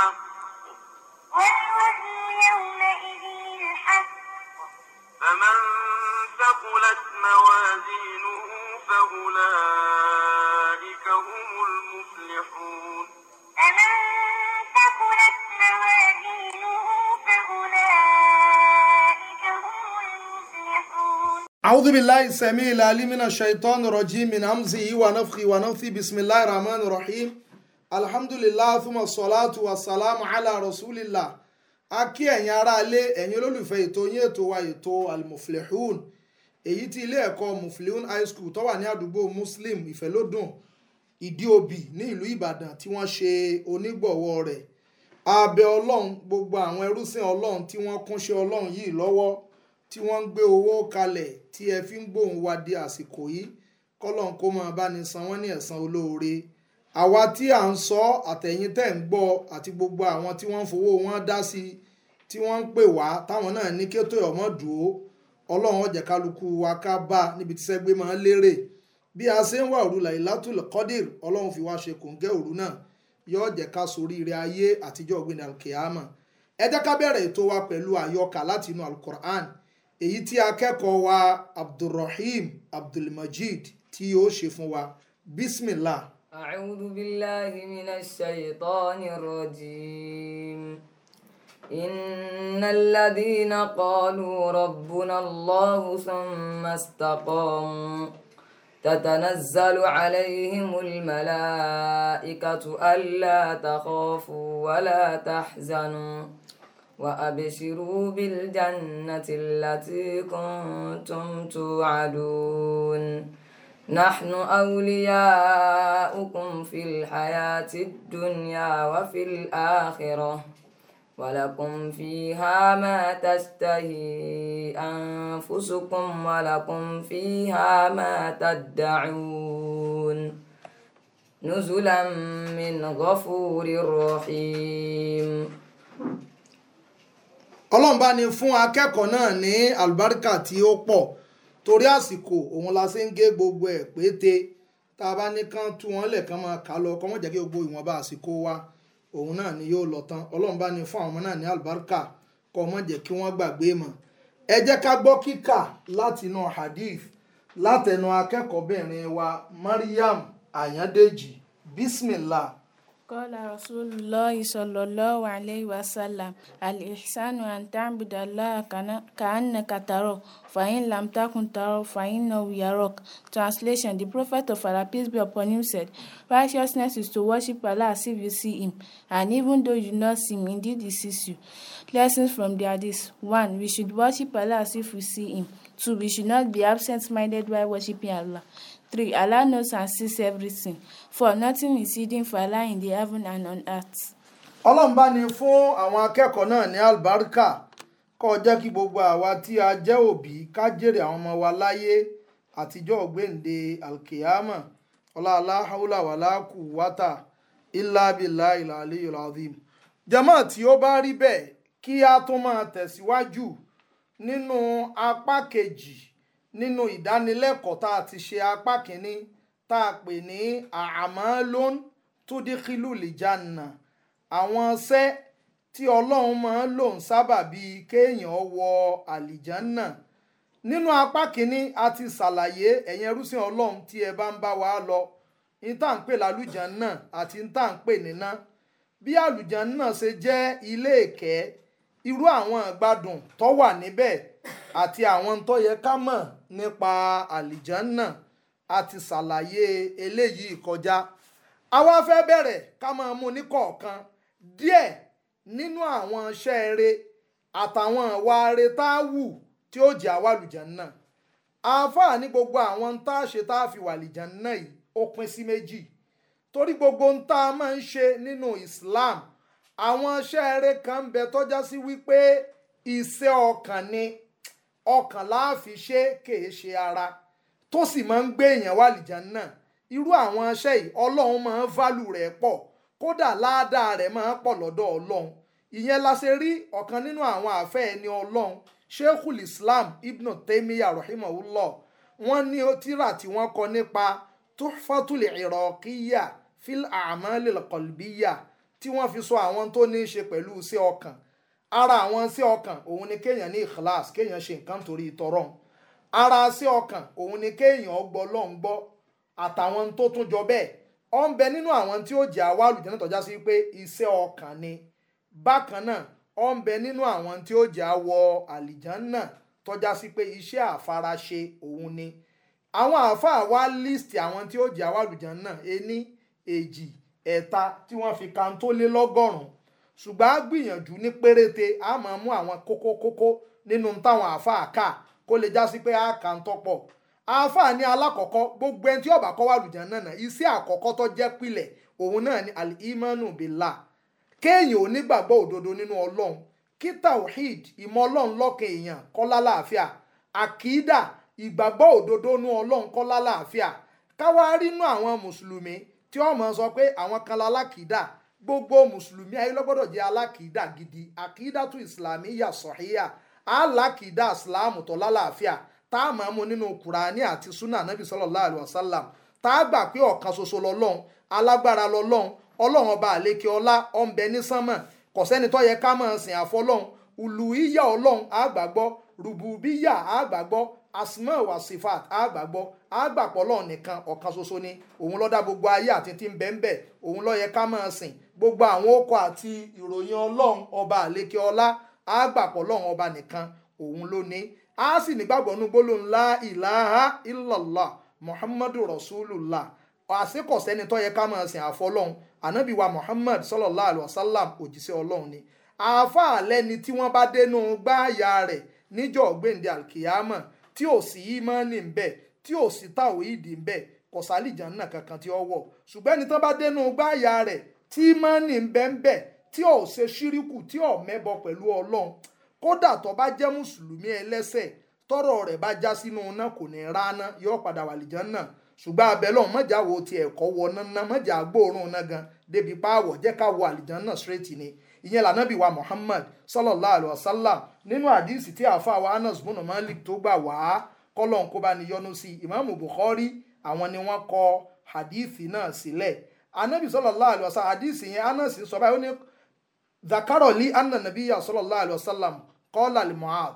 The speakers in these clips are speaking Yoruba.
الحق والوزن يومئذ الحق فمن ثقلت موازينه فأولئك هم المفلحون فمن ثقلت موازينه فأولئك هم المفلحون أعوذ بالله السميع العليم من الشيطان الرجيم من همزه ونفخه ونفثه بسم الله الرحمن الرحيم alhamdulillah thumma salatu wa salamu ala rasulillah a kí ẹ̀yin aráalé ẹ̀yin olólùfẹ́ ètò yín ètò wa ètò almuflihun èyí tí ilé ẹ̀kọ́ muflihun high school tó wà ní àdúgbò muslim ìfẹ́lódùn ìdí òbí ní ìlú ìbàdàn tí wọ́n ṣe onígbọ̀wọ́ rẹ̀ abẹ ọlọ́run gbogbo àwọn ẹrúsìn ọlọ́run tí wọ́n kúnṣe ọlọ́run yìí lọ́wọ́ tí wọ́n ń gbé owó kalẹ̀ tí ẹ fi ń gbóhùn wa di àsìkò yìí kọ́lọ́n kó máa bá ní san wọ́n ní ẹ̀san olóore àwa tí à ń sọ àtẹ̀yìn tẹ̀ ń gbọ́ àti gbogbo àwọn tí wọ́n ń fowó wọn dá sí tí wọ́n ń pè wá táwọn náà ní kétò ọmọ dùn ó ọlọ́run ọjà kálukú wa ká bá níbi tí sẹ́gbẹ́ máa ń lérè bí a ṣe ń wà òru làyílátù kọ́dìr ọlọ́run fi wá ṣe kòǹgẹ́ òru náà yóò jẹ́ ká soríire ayé àtijọ́ ọ̀gbìn alkiyama ẹ jẹ́ ká bẹ̀rẹ̀ ètò wa pẹ̀lú àyọkà láti inú alukur'an èyí tí akẹ́kọ̀ọ́ wa abdulrahim abdulmajid tí yóò ṣe fún wa bismillah. أعوذ بالله من الشيطان الرجيم إن الذين قالوا ربنا الله ثم استقاموا تتنزل عليهم الملائكة ألا تخافوا ولا تحزنوا وأبشروا بالجنة التي كنتم توعدون نحن أولياؤكم في الحياة الدنيا وفي الآخرة ولكم فيها ما تشتهي أنفسكم ولكم فيها ما تدعون نزلا من غفور رحيم ọlọ́nba ní fún akẹ́kọ̀ọ́ náà ní àlùbáríkà tí ó pọ̀ torí àsìkò òun la ṣe ń gé gbogbo ẹ̀ pété tá a bá ní kán tú wọn lẹ̀ kán máa kà lọ kọ́ wọ́n jẹ́ kí gbogbo ìwọ̀nba àsìkò wa òun náà ni yóò lọ tán ọlọ́run bá ní fún àwọn ọmọ náà ní àlùbáríkà kọ́ mọ́ jẹ́ kí wọ́n gbàgbé mọ́ ẹ jẹ́ ká gbọ́ kíkà látinú hadith látẹnu akẹ́kọ̀ọ́bìnrin wa Mariam ayandeji bismillah قال رسول الله صلى الله عليه وسلم الإحسان أن تعبد الله كأنك تراه فإن لم تكن تراه فإنه يراك Translation The Prophet of Allah peace be upon him said Righteousness is to worship Allah as if you see him and even though you not see him indeed he sees you. Lessons from the Hadith one we should worship Allah as if we see him two we should not be absent minded while worshiping Allah. 3. Allah knows and sees everything. 4. Nothing is hidden for Allah in the heaven and on earth. Ọlọ́run bá ní fún àwọn akẹ́kọ̀ọ́ náà ní àlùbáríkà kó jẹ́ kí gbogbo àwa tí a jẹ́ òbí ká jèrè àwọn ọmọ wa láyé àtijọ́ ọ̀gbẹ́ǹde alkiyama ọláàlá haúlà wàlá kù wátà ilá bìlá ilà tí ó bá rí bẹ́ẹ̀ kí a tún máa tẹ̀síwájú nínú apá kejì nínú ìdánilẹ́kọ̀ọ́ tá a ti ṣe apá kínní tá a pè ní àmálón túdíkìlù lìjànà àwọn ṣẹ́ tí ọlọ́run máa ń lò ń sábà bíi kéèyàn wọ àlìjánà nínú apá kínní a ti ṣàlàyé ẹ̀yẹn rúṣin ọlọ́run tí ẹ bá ń bá wa lọ ní tá à ń pè lálùjánà àti ní tá à ń pè níná bí àlùjánà ṣe jẹ́ ilé ìkẹ́ irú àwọn ìgbádùn tó wà níbẹ̀ àti àwọn tó yẹ ká mọ̀ nípa àlìjánná àti ṣàlàyé eléyìí kọjá àwa fẹ́ bẹ̀rẹ̀ ká máa mú ní kọ̀ọ̀kan díẹ̀ nínú àwọn iṣẹ́ eré àtàwọn ìwà eré tá a wù tí ó jẹ́ àwa àlùjánná àáfàá ní gbogbo àwọn tá a ṣe tá a fi wà àlìjánná yìí ó pín sí méjì torí gbogbo tá a máa ń ṣe nínú Islam àwọn iṣẹ́ eré kan ń bẹ tọ́já sí wípé iṣẹ́ ọkàn ni ọkàn láàfin ṣe kèé ṣe ara tó sì máa ń gbé èèyàn wà lìjàn náà irú àwọn iṣẹ́ yìí ọlọ́run máa ń válù rẹ̀ pọ̀ kódà ládàá rẹ̀ máa ń pọ̀ lọ́dọ̀ ọlọ́run ìyẹn la ṣe rí ọ̀kan nínú àwọn àfẹ́ ẹni ọlọ́run sheikhul islam ibn taymiya rahimahullah wọ́n ní tírà tí wọ́n kọ nípa tuhfatul iraqiyya fil a'malil qalbiyya tí wọ́n fi sọ àwọn tó ní í ṣe pẹ̀lú iṣẹ́ ọkàn ara àwọn sí ọkàn òun ni kéèyàn ní ìkìláàs kéèyàn ṣe nǹkan torí ìtọ́rọ̀ ara sí ọkàn òun ni kéèyàn ọgbọ́ lọ́n gbọ́ àtàwọn tó tún jọ bẹ́ẹ̀ ó ń bẹ nínú àwọn tí ó jẹ́ àwa àlùjẹ́ náà tọ́já sí pé iṣẹ́ ọkàn ni bákan náà ó ń bẹ nínú àwọn tí ó jẹ́ àwọ àlìjàn náà tọ́já sí pé iṣẹ́ àfaraṣe òun ni àwọn àáfàá wa list àwọn tí ó jẹ́ àwa àlùjẹ́ náà ení èjì ẹ̀ta tí wọ́n fi kan tó lé lọ́gọ́rùn ṣùgbọ́n a gbìyànjú ní péréte a máa mú àwọn kókó kókó nínú táwọn àáfàá kà kó lè já sí pé a kà ń tọ́pọ̀ àáfàá ní alákọ̀ọ́kọ́ gbogbo ẹni tí ó bá kọ́ wà lùjẹ́ náà náà iṣẹ́ àkọ́kọ́ tó jẹ́ pilẹ̀ òun náà ni al-imanu billah kéèyàn onígbàgbọ́ òdodo nínú ọlọ́run kí tawhid ìmọ̀ ọlọ́run lọ́kàn èèyàn kọ́lá láàfíà àkídà ìgbàgbọ́ òdodo nínú ọlọ́run kọ́lá láàfíà káwá rínú àwọn mùsùlùmí tí ó máa sọ pé àwọn kan lálákìdá gbogbo mùsùlùmí ayé lọ́gbọ́dọ̀ jẹ́ alákìídà gidi àkìídà tún ìsìlámì yà sọ̀híyà alákìídà ìsìlámù tó lálàáfíà tá a máa mú nínú kùránì àti súnà anábì sallallahu alaihi wasallam tá a gbà pé ọ̀kan ṣoṣo lọ́lọ́run alágbára lọ́lọ́run ọlọ́run ọba àlékè ọlá ọ̀nbẹ ní sánmọ̀ kò tó yẹ ká máa sìn àfọlọ́run uluhiya ọlọ́run àgbàgbọ́ rububiya àgbàgbọ́ asma wa sifat àgbàgbọ́ àgbàpọ̀ ọlọ́run nìkan ọ̀kan ṣoṣo ni òun ló dá gbogbo ayé àti tí ń bẹ́ńbẹ́ òun ló yẹ ká máa sìn gbogbo àwọn okọ̀ àti ìròyìn ọlọ́run ọba àlékè ọlá á gbàpọ̀ ọlọ́run ọba nìkan òun ló ní á sì nígbàgbọ́ nú gbólóhùn la ilaha illallah muhammadu rasulullah àṣekọ̀sẹ́ni tó yẹ ká máa sìn àfọlọ́hún ànábì wa muhammad sallallahu alayhi sallam òjíṣẹ́ ọlọ́run ni àáfàá lẹ́ni tí wọ́n bá dénú gbáàyà rẹ̀ níjọ́ gbèǹde alkiyama tí ò sí ìmọ̀ọ́nì ń bẹ tí ò sí tàwíìdì ń bẹ kọ̀sálìjàn náà kankan tí ó wọ̀ ṣùgbọ́n ẹni tó bá dénú gbáàyà rẹ̀ tí ma ń bẹ́ ń bẹ̀ tí ò ṣe ṣíríkù tí ò mẹ́bọ pẹ̀lú ọlọ́run kódà tó bá jẹ́ mùsùlùmí ẹlẹ́sẹ̀ tọrọ rẹ̀ bá já sínú iná kò ní rana yóò padà wà lìjọ́ náà ṣùgbọ́n mọ̀já wo ti ẹ̀kọ́ wọ mọ̀já gan débi páàwọ̀ jẹ́ ká àlìjọ́ straight ni ìyẹn wa Muhammad sallallahu alayhi wa sallam nínú àdìsí tí àáfà wa Anas Malik tó gbà wá kọ́lọ́n kó bá Imam Bukhari àwọn ni wọ́n kọ àdìsí náà sílẹ̀ anabi sallallahu alaihi wasallam hadisi yẹn anas sọ báyìí ó ní zakaroli ananabiya sallallahu alaihi wasallam kọ́lá limuad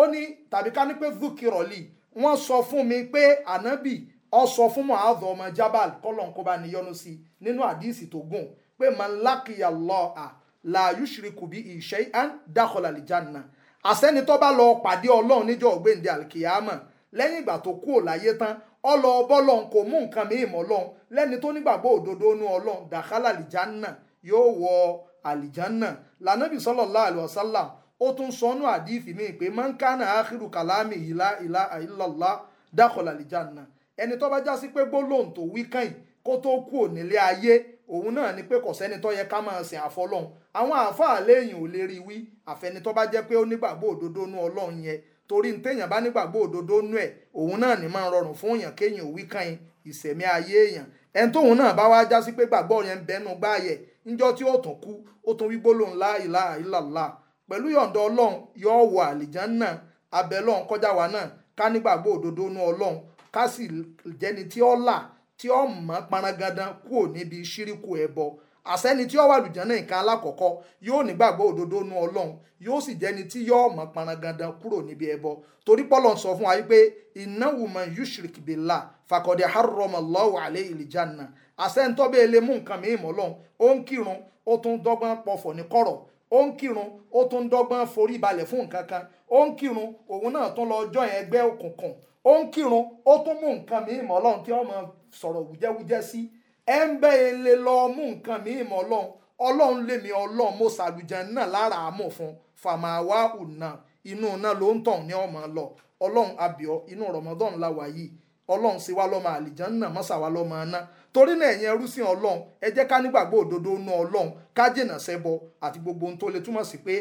ó ní tàbí ká ní pé zukiroli wọ́n sọ fún mi pé anabi ó sọ fún muad ọmọ jabal kọ́lọ̀ kó bá níyọnu sí nínú hadisi tó gùn pé man laqiya Allah la yushriku bihi shay'an dakhala al-janna àsẹ́ni bá lọ pàdé ọlọ́run níjọ́ ọ̀gbẹ́ǹde àlìkìyàmọ̀ lẹ́yìn ìgbà tó kú ò láyé tán ọlọ ọbọlọ́n kò mú nǹkan mìíràn mọ́ lọ́n lẹ́ni tó nígbàgbọ́ òdodo nú ọlọ́n dàkálà àlìjánà yóò wọ àlìjánà lànàbì sallallahu alaihi wasallam ó tún sọnù àdìfì mi pé man kana akhiru kalami ìlà ìlà illallah dakhala àlìjánà ẹni tó bá já sí pé gbólóhùn tó wí kàn kó tó kú ònílé ayé òun náà ni pé kò sẹ́ni tó yẹ ká máa sìn àfọlọ́hún àwọn àáfàá lẹ́yìn ò lè rí wí àfẹnitọ́ bá jẹ́ pé ó nígbàgbọ́ òdodo nú ọlọ́run yẹn torí téèyàn bá nígbàgbọ́ òdodo nú ẹ̀ òun náà ní máa rọrùn fún èèyàn kéèyàn òwí kan ìsẹ̀mí ayé èèyàn ẹni tóun náà bá wá já sí pé gbàgbọ́ yẹn ń bẹnu gbáàyẹ̀ níjọ́ tí ó kú ó tún wí gbólóhùn pẹ̀lú yọ̀ǹda ọlọ́run wọ náà ká nígbàgbọ́ àsẹ́ni tí ó wà lùjánà nǹkan alákọ̀ọ́kọ́ yóò nígbàgbọ́ òdodo nu ọlọ́run yóò sì jẹ́ni tí yóò mọ̀ parangandan kúrò níbi ẹbọ torí pọ́lọ̀ ń sọ fún wa wípé innahu man yushrik billah faqad harrama Allahu alayhi al-janna àsẹ́ntọ́bẹ̀ ilé mú nǹkan mìíràn mọ́ lọ́hùn ó ń kírun ó tún dọ́gbọ́n pọ̀fọ̀ ní kọ̀rọ̀ ó ń kírun ó tún dọ́gbọ́n forí balẹ̀ fún nǹkan kan ó ń kírun òun náà tún lọ jọ ẹgbẹ́ òkùnkùn ó ń kírun ó tún mú nǹkan mìíràn mọ́ lọ́hùn tí wọ́n máa sọ̀rọ̀ wújẹ́wújẹ́ sí ẹ ń bẹ́ ele lọ́ọ́ mú nǹkan mi ìmọ̀ ọlọ́run ọlọ́run lèmi ọlọ́run mo ṣàlùjẹ́ náà lára àmọ̀ fún fàmáwá ọ̀nà inú náà ló ń tàn ní ọmọ lọ ọlọ́run abiọ inú rọmọdọ́n la wà yìí ọlọ́run sì wá gbogbo ohun tó lè túmọ̀ sí pé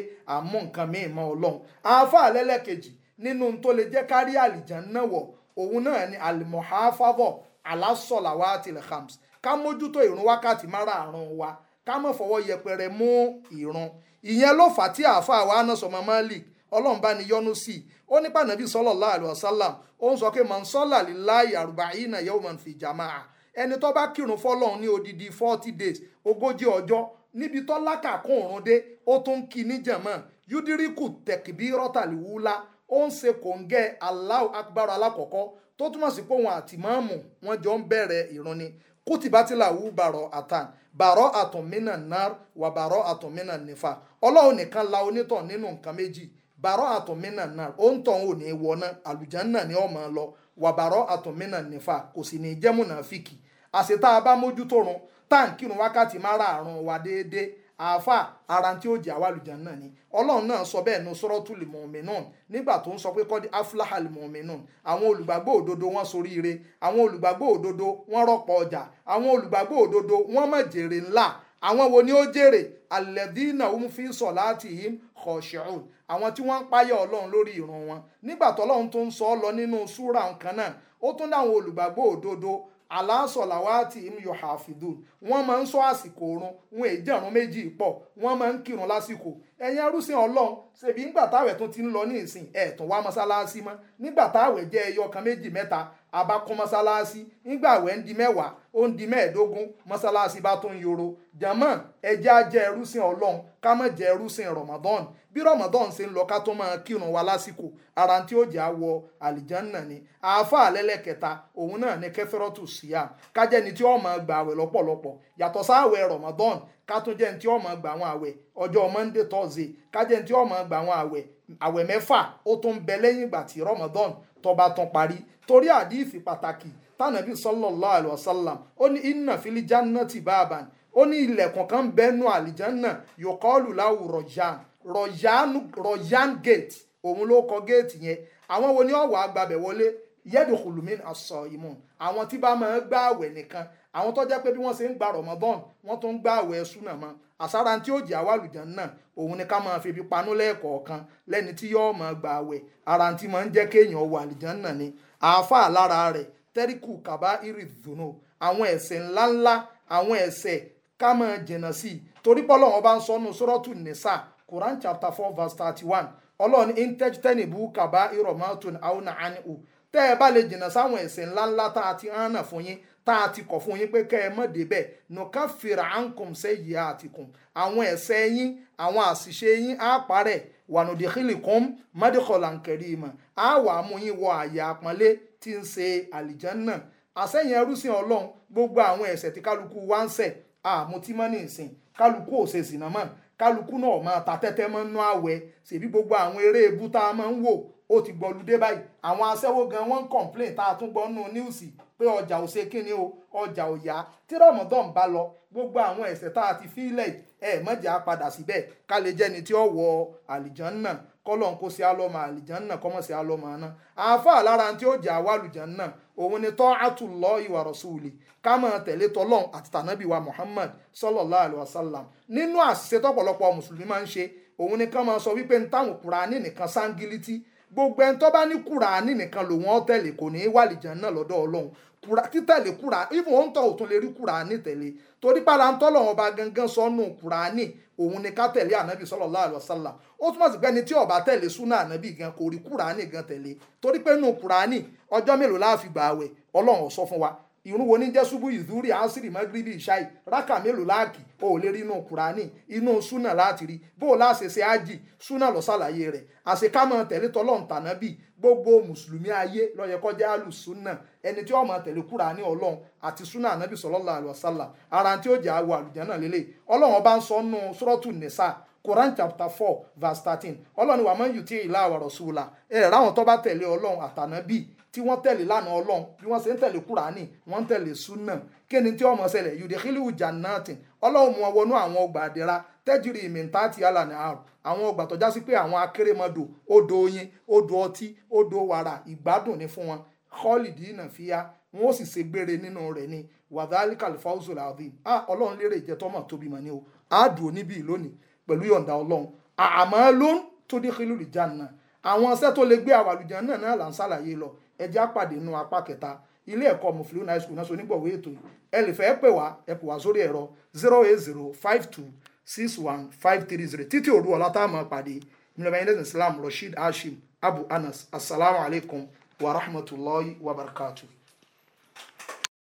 nǹkan ọlọ́run lẹ́lẹ́kejì nínú ohun tó lè jẹ́ ká rí náà hams ká mójútó ìrun wákàtí márààrún wa ká má fọwọ́ yẹpẹrẹ mú ìrun ìyẹn ló fà tí àáfàá wa Anas ọmọ Malik ọlọ́run bá ní yọ́nú sí i ó nípa nàbí sallallahu alaihi wasallam ó ń sọ pé man salla lillahi arba'ina yawman fi jama'a ẹni tó bá kírun fọlọ́run ní odidi forty days ogójì ọjọ́ níbi tó lákàkún òrun dé ó tún kí ní jẹ̀mọ́ yudiriku tẹ̀kìbírọ́tàlì wúlá ó ń ṣe kòǹgẹ́ Allahu akbar alákọ̀ọ́kọ́ tó túmọ̀ sí pé òun àti máàmù wọn jọ ń bẹ̀rẹ̀ ìrun ni kútìbátì làwù bàrọ̀ àtàn bàrọ̀ àtọ̀mínà náà wà bàrọ̀ àtọ̀mínà nífà ọlọ́run nìkan la onítọ̀ nínú nǹkan méjì bàrọ̀ àtọ̀mínà náà ó ń tọ̀hún ò ní wọná àlùjánnà ni ó máa lọ wà bàrọ̀ àtọ̀mínà nífà kò sì ní jẹ́ múnàfíkì àṣetá a bá mójútó run táǹkì run wákàtí márààrún wa déédéé àáfà ara tí ó jẹ àwa àlùjá náà ni ọlọ́run náà sọ bẹ́ẹ̀ nu suratul mu'minun nígbà tó ń sọ pé kọ́dí aflahal mu'minun àwọn olùgbàgbọ́ òdodo wọ́n soríire àwọn olùgbàgbọ́ òdodo wọ́n rọ́pọ̀ ọjà àwọn olùgbàgbọ́ òdodo wọ́n mọ̀ jèrè ńlá àwọn wo ni ó jèrè alẹ́dínà òun fi ń sọ láti yìí khashi'un àwọn tí wọ́n ń páyà ọlọ́run lórí ìran wọn nígbà tọ́lọ́run tó ń sọ ọ́ lọ nínú súra nǹkan náà ó tún dáwọn olùgbàgbọ́ òdodo aláṣọlàwátì imyo hafidun wọ́n máa ń sọ àsìkò oorun wọn èjì àrùn méjì pọ̀ wọ́n máa ń kírun lásìkò ẹ̀yin arúsìn ọlọ́run ṣèbí ńgbà táwẹ̀ tún ti ń lọ ní ìsìn ẹ̀ẹ̀tún wá mọ́sálásí mọ́ nígbà táwẹ̀ jẹ́ ẹyọ kan méjì mẹ́ta àbá kún mọ́sálásí nígbà àwẹ̀ ń di mẹ́wàá ó ń di mẹ́ẹ̀ẹ́dógún mọ́sálásí bá tún yòrò jàmọ́ ẹjẹ́ á jẹ́ ẹrúsìn ọlọ́run ká má jẹ́ ẹrúsìn ramadan bí ramadan ṣe ń lọ ká tó máa kírun wa lásìkò ara tí ó jẹ́ àwọ àlìjánná ni àáfà alẹ́lẹ́kẹta òun náà ni kẹfẹ́rọ́tù síyà kájẹ́ni tí ó máa gbà àwẹ̀ lọ́pọ̀lọpọ̀ yàtọ̀ sáàwẹ̀ ramadan ká tún jẹ́ ní tí ó máa gbà àwọn àwẹ̀ ọjọ́ monday thursday ká jẹ́ ní tí ramadan tó bá tán parí torí àdíìsì pàtàkì tánàbí sallallahu alaihi wasallam ó ní fili fil jannati baban ó ní ilẹ̀kùn kan bẹ́nu àlìjánná yòókọ́ọ̀lù láwù rọ̀yàn rọ̀yàn gate òun ló kọ géètì yẹn àwọn wo ni ọ̀wọ́ agbábẹ̀ wọlé yẹ́dùkùlùmín àṣọ ìmọ̀ àwọn tí bá máa ń gbààwẹ̀ nìkan àwọn tó jẹ́ pé bí wọ́n ṣe ń gba Ramadan wọ́n tó ń gbààwẹ̀ súnà mọ́ àsára tí ó jẹ́ àwàlùjàn náà òun ni ká máa febi panú lẹ́ẹ̀kọ̀ọ̀kan lẹ́ni tí yóò máa gbà àwẹ̀ ara tí máa ń jẹ́ kéèyàn wà náà ni àáfàá lára rẹ̀ tẹ́ríkù kàbá ìrìdùnú àwọn ẹ̀ṣẹ̀ ńláńlá àwọn ese ká máa jìnnà sí i torí pọ́lọ́ wọn bá ń sọnù sọ́rọ́tù four verse thirty one ọlọ́ọ̀ni kàbá àwọn àánú tẹ́ ẹ bá lè jìnnà sáwọn ńláńlá tá a ti hàn náà fún yín tá a ti kọ̀ fún yín pé kẹ́ ẹ mọ̀ débẹ̀ nùkà fìrà à ń kùn sẹ́yìí àtìkùn àwọn ẹ̀ṣẹ̀ yín àwọn àṣìṣe yín á parẹ́ wànùdíkìlì kún mádìkọ̀làǹkẹ̀rì mọ̀ á wà á mú yín wọ àyè àpọ́nlé tí ń ṣe àlìjánná àsẹ́yìn ẹrúsìn ọlọ́run gbogbo àwọn ẹ̀ṣẹ̀ tí kálukú wá ń ṣẹ̀ àmutí mọ́ ní ìsìn kálukú ò ṣe sìnà mọ́ kálukú náà máa ta tẹ́tẹ́ mọ́ nú àwẹ̀ ṣèbí gbogbo àwọn eré ebú tá a máa ń wò ó ti gbọlúdé báyìí àwọn aṣẹ́wó gan wọ́n ń complain tá a tún gbọ́ nù níwùsì pé ọjà ò ṣe kíni o ọjà ò yá tí rọmọdán bá lọ gbogbo àwọn ẹ̀ṣẹ̀ tá a ti fi lẹ̀ ẹ̀ mọ̀jà padà síbẹ̀ ká lè jẹ́ni tí ó wọ àlìjánná kọ́lọ́n kó sí alọ́mọ àlìjánná kọ́mọ́ sí alọ́mọ àná àáfà lára tí ó jẹ́ àwa àlìjánná òun ni tọ́ àtúlọ́ ìwà rọ̀ṣùlì ká máa tẹ̀lé tọ́lọ́n àti tànábì wa Muhammad sallallahu alaihi wasallam nínú àṣìṣe tọ́pọ̀lọpọ̀ mùsùlùmí máa ń ṣe òun ni ká máa sọ wípé ń táwọn Kùránì nìkan sángílítì gbogbo ẹni tó bá ní kùránì nìkan lòun ọ tẹ̀lé kò ní í wà lìjàn náà lọ́dọ̀ ọlọ́run títẹ̀lé kùránì ìfún òun tọ̀ òtún lè rí kùránì tẹ̀lé torí pàrọ̀ àǹtọ́lọ̀ wọn bá gangan sọnù kùránì òun ni ká tẹ̀lé ànábì sallallahu alaihi wasallam ó túmọ̀ sí pé ẹni tí ó bá tẹ̀lé súnà ànábì gan kò rí kùránì gan tẹ̀lé torí pé nù kùránì ọjọ́ mélòó la fi gbààwẹ̀ ọlọ́run ó sọ fún wa ìrún wo ní jẹ́ ṣubú ìdúrí àásìrì mọ́gíríbì ìṣáì rákà mélòó láàkì o ò lè rí inú kùránì inú súnà láti rí bó o láṣẹ ṣe ájì súnà lọ ṣàlàyé rẹ̀ àṣekámọ̀ tẹ̀lé tọlọ́run tànábì gbogbo mùsùlùmí ayé lọ́yẹ kọjá àlù súnà ẹni tí ọmọ tẹ̀lé kùránì ọlọ́run àti súnà ànábì sallallahu alaihi ara tí ó jẹ́ àwọ àlùjánnà lélẹ̀ ọlọ́run ọba ń sọ nù sọ́rọ́tù nìsà Quran chapter four verse thirteen ọlọ́run wàmọ́ yìí tí ì tí wọ́n tẹ̀lé lánàá ọlọ́run bí wọ́n ṣe ń tẹ̀lé kúránì wọ́n ń tẹ̀lé súnà kíni tí ọmọ ṣẹlẹ̀ yudikili ujanati ọlọ́run mú wọn wọnú àwọn ọgbà àdẹ́ra tẹ́jìrì ìmìntà ti alànà àrùn àwọn ọgbà tó já sí pé àwọn akérèmọdò odò oyin odò ọtí odò wàrà ìgbádùn ni fún wọn kọ́lìdì ìnà fíya wọn ó sì ṣe gbére nínú rẹ̀ ni wàdálí kàlífàùsù làbí a ọlọ́run lérè ìjẹ́tọ́mọ̀ tóbi mọ̀ ni o àádùn oníbì lónìí pẹ̀lú yọ̀ǹda ọlọ́run àmọ́ ló ń tó dé kílùrì jáde náà àwọn iṣẹ́ tó lè gbé àwàlùjá náà náà ẹ jẹ́ àpàdé nínú apá kẹta ilé ẹ̀kọ́ mufiliun high school náà so onígbọ̀wé ètò ẹ lè fẹ́ pè wá ẹ pè wá sórí ẹ̀rọ zero eight zero five two six one five three zero títí òru ọ̀la tá a máa pàdé mílíọ̀nù ayélujára islam rasheed hashim abu anas asalaamualeykum wa rahmatulahi wa barakatuh.